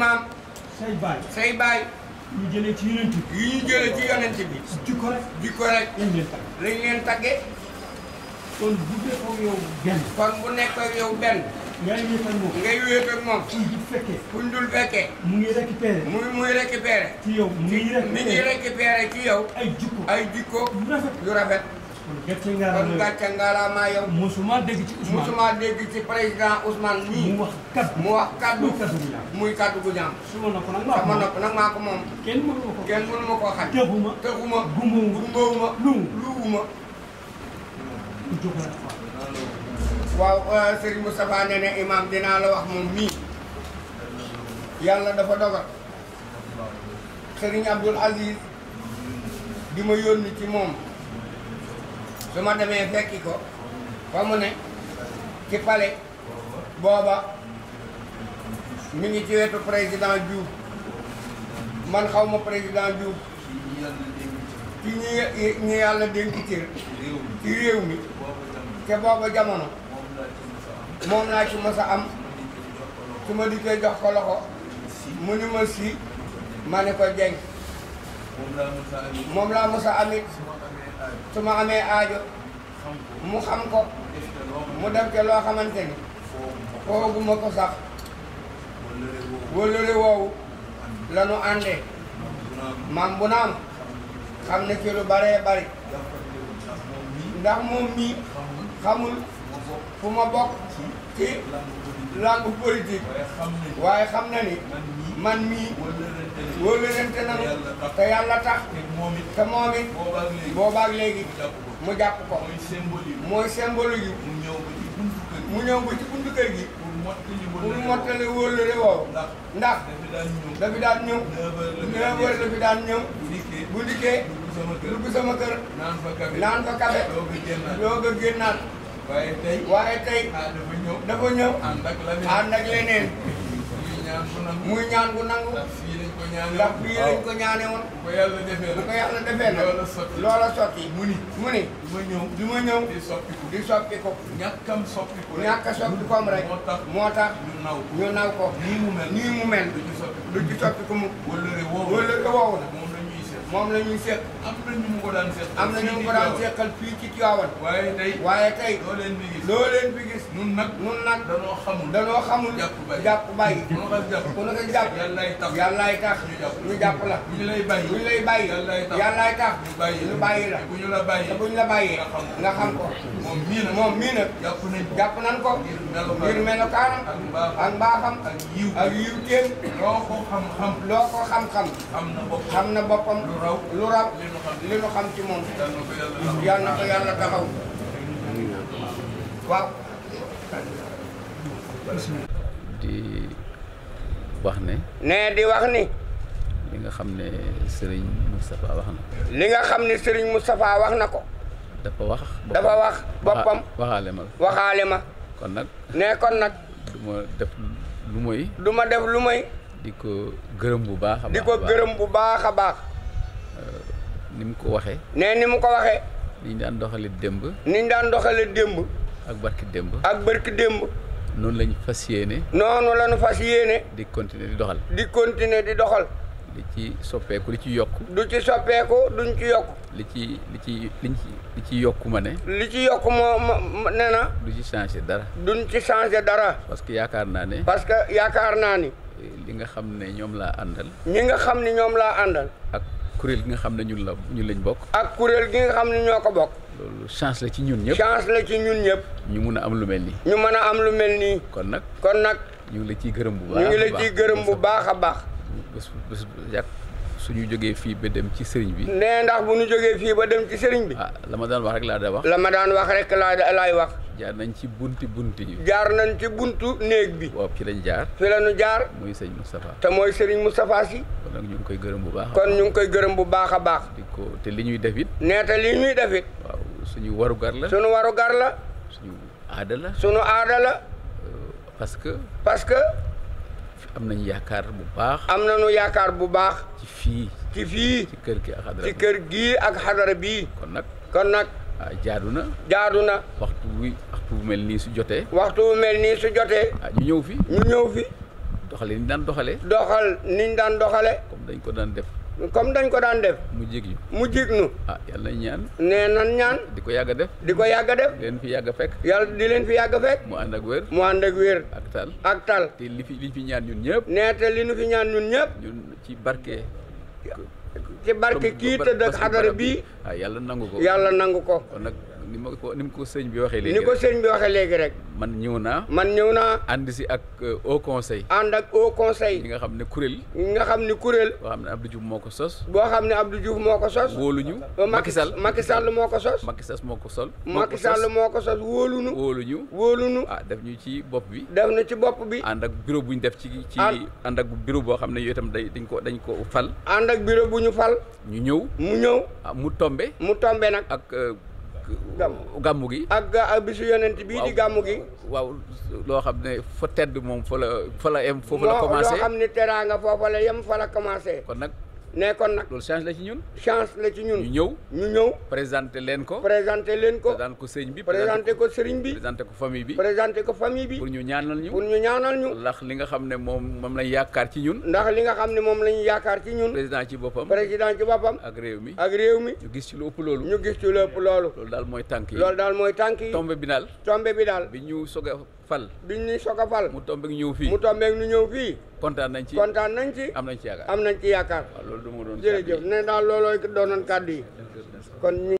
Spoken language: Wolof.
maam. say baay say baay. yu jëlee ci yonent bi. yu ñu ci yonent bi. jikko rek jikko rek. lañ leen tagge lañ leen tagge. kon bu nekkoog yow benn. kon bu nekkoog yow benn. ngay wéet ak moom ngay wéet ak moom. kuñ dul fekkee. kuñ dul fekkee. mu ngi récupéré. muy muy récupéré. ci yow mu ngi récupéré ci yow. ay jikko ay jikko. yu rafet yu rafet. gerte ngaaraama gàcce ngaaraama yow. musuma dégg ci Ousmane musuma dégg ci président Ousmane nii. mu wax kaddu mu wax kaddu. muy kaddu gu ñaam. su ma nopp nag maa ko moom ma nopp nag maa ko moom. kenn mënu ma ko kenn mënu ma koo xaj. tëxuma tëxuma gumbawuma gumbawuma luwu luwuma. waaw eh, Serigne Moustapha nee na imam dinaa la wax moom mii. yàlla dafa dogal. Serigne Abdoul Aziz di ma yónni ci moom. su ma demee fekki ko fa mu ne ci pale booba mi ni ci wetu président Diouf man xaw ma président Diouf ci ñi ñi yàlla dénk cër ci réew mi te booba jamono moom laa ci mës am su ma dikkee jox ko loxo mu ni ma si ma ne ko jeng moom laa mës a amit su ma amee aajo mu xam ko mu def ca loo xamante ni fooguma ko sax wóllëre woowu la nu àndee maam bu naam xam ne ci lu baree bari ndax moom mii xamul fu ma bokk ci langue politique waaye xam na ni man mii wóllëre te yàlla tax moom it te moom it boobaak léegi mu jàpp ko mooy symbole yu mu ñëw ba ci buntu kër gi pour mottali wóllëre woowu ndax dafi daan ñëw neuf heures dafi daan ñëw bu dikkee naan fa kafe doog a génnaat waaye tey waaye ah, dafa ñëw ànd ak leneen muy ñaan bu nangu ndax bii lañ ko ñaane woon bu ko yàlla defee bu ko yàlla defee nag loola sotti loola sotti mu ni mu ni du ma ñëw du ma ñëw di soppiku di soppiku ñàkkam soppiku rek moo tax ñu naw ñu naw mu mel nii mu mel du ci soppiku du ci soppiku mu wala woowu wala woowu moom la ñuy seq. am na ñu mu ko daan seqal. am na ñu mu ko daan ci Tivaouane. waaye tey waaye tey. loo leen fi gis loo leen fi gis. nun nag nun nag. danoo xamul xamul. jàpp bàyyi jàpp bàyyi. ku la ko jàpp ku la ko jàpp. yàllaay tax yàllaay tax. ñu jàpp jàpp la. bu ñu lay bàyyi bu ñu lay bàyyi. yàllaay tax yàllaay tax. ñu bàyyi ñu bàyyi la. bu ñu la bàyyi te la bàyyee. xam ko moom mii nag moom jàpp nañ ko jàpp nañ ko. ngir melokaanam ak mbaaxam ak yiw ak loo ko xam-xam loo xam na boppam raw lu di wax ne ne di wax ni li nga xam ne sëriñ Moustapha wax na li nga xam ne sëriñ Moustapha wax na ko dafa wax dafa wax boppam waxaale ma waxaale ma kon nag ne kon nag du ma def lu moy du ma def lu moy di ko gërëm bu baax a di ko gërëm bu baax a baax ni mu ko waxee. nee ni mu ko waxee. ni ñu daan doxalee démb. ni ñu daan doxalee démb. ak barki démb. ak barki démb. noonu la ñu fas yéene. noonu la ñu fas yéene. di continuer di doxal. di continuer di doxal. li ci soppeeku li ci yokk du ci soppeeku duñ ci yokku. li ci li ci liñ ci li ci yokk ma ne. li ci yokku moo ma ne na. du ci changer dara. duñ ci changer dara. parce que yaakaar naa ne. parce que yaakaar naa ni. li nga xam ne ñoom laa àndal. ñi nga xam ni ñoom laa àndal. ak. kuréel gi nga xam ne ñun la ñu lañ bokk. ak kuréel gi nga xam ne ñoo ko bokk. loolu chance la ci ñun ñëpp. chance la ci ñun ñëpp. ñu mun a am lu mel nii. ñu mën a am lu mel nii. kon nag kon nag. ñu ngi la ciy gërëm bu baax la ciy gërëm bu baax a baax. bés bés yàgg su ñu jógee fii ba dem ci sëriñ bi. nee ndax bu ñu jógee fii ba dem ci sëriñ bi. ah la ma daan wax rek laa da wax. la ma daan wax rek laa laay wax. jaar nañ ci bunti bunti yi. jaar nañ ci buntu néeg bi. waaw ci lañ jaar. fi la jaar. muy sëñ Moustapha. te mooy sëriñ Moustapha si. kon nag ñu ngi koy gërëm bu baax. kon ñu ngi koy gërëm bu baax a baax. di ko te li ñuy def it. nee te li ñuy def waaw suñu warugar la. warugar la. suñu aada la. suñu aada la. Euh, parce que. parce que. am nañu yaakaar bu baax. am nañu yaakaar bu baax. ci fii. ci fii. ci kër gi ak xadara bi ak xadara bii. kon nag kon nag. ah jaadu na. jaadu na. waxtu wi waxtu mel nii su jotee. waxtu bu mel nii su jotee. ah ñu ñëw fi. ñu ñëw fi. doxale ni ñu daan doxalee. doxal ni ñu daan doxalee. comme dañ ko daan def. comme dañ ko daan def. mu jig ñu. mu jig ñu. ah yàlla ñaan. nee nan ñaan. di ko yàgg def. di ko yàgg def. di leen fi yàgg fekk. yàlla di leen fi yàgg fekk. mu ànd ak wér. mu ànd ak wér. ak tal ak tal. te li fi li fi ñaan ñun ñëpp. nee te li ñu fi ñaan ñun ñëpp. ñun ci barke. ci barke kii tëdd ak xadara bii yàlla nangu ko yàlla nangu ko ni ma ko ni ma ko sëñ bi waxee léegi. ni ko sëñ bi waxee léegi rek. man ñëw naa. man ñëw naa. ànd si ak euh, au conseil. ànd ak au conseil. ñi nga xam ne kuréel. ñi nga xam ne kuréel. boo xam ne Abdou Diouf moo ko sos. boo xam ne Abdou Diouf moo ko sos. wóoluñu. Macky Sall Macky Sall moo ko sos. Macky moo ko sol. Macky Sall moo ko sos wóoluñu. wóoluñu wóoluñu. ah def ñu ci bopp bi. def na ci bopp bi. ànd ak bureau bu ñu def ci ci. ànd ak bureau boo xam ne yooyu itam dañ ko dañ ko fal. ànd ak bureau bu ñu fal. ñu ñëw mu ñëw ah, mu tombe mu tombe nag ak euh, gàmmu gi ak ak bisu yonent bii di gàmmu gi waaw loo xam ne fa tedd moom fa la fa la yem foofu la commencé loo xam ne teraanga foofa la yem fa la commencé kon nag nekkoon nag loolu chance la ci ñun chance la ci ñun ñu ñëw ñu ñëw présenté leen ko présenté leen ko présenté ko sëriñ bi présenté ko sëriñ bi présenté ko famille bi présenté ko famille bi pour ñu ñaanal ñu pour ñu ñaanal ñu ndax li nga xam ne moom moom lañ yaakaar ci ñun ndax li nga xam ne moom lañ yaakaar ci ñun président ci boppam président ci boppam ak réew mi ak réew mi ñu gis ci lu ëpp loolu ñu gis ci lu ëpp loolu loolu daal mooy tànk yi loolu daal mooy tànk yi tombe bi daal tombe bi daal bi ñu soog a fal bi ñuy soog a fal mu tombeeg ñëw fii mu tombeeg ñu ñëw fii kontaan nañ ci kontaan nañ nañ ci am nañ ci yaakaar waaw loolu du ma doon jërëjëf ne daal looloo doonoon kàddu yi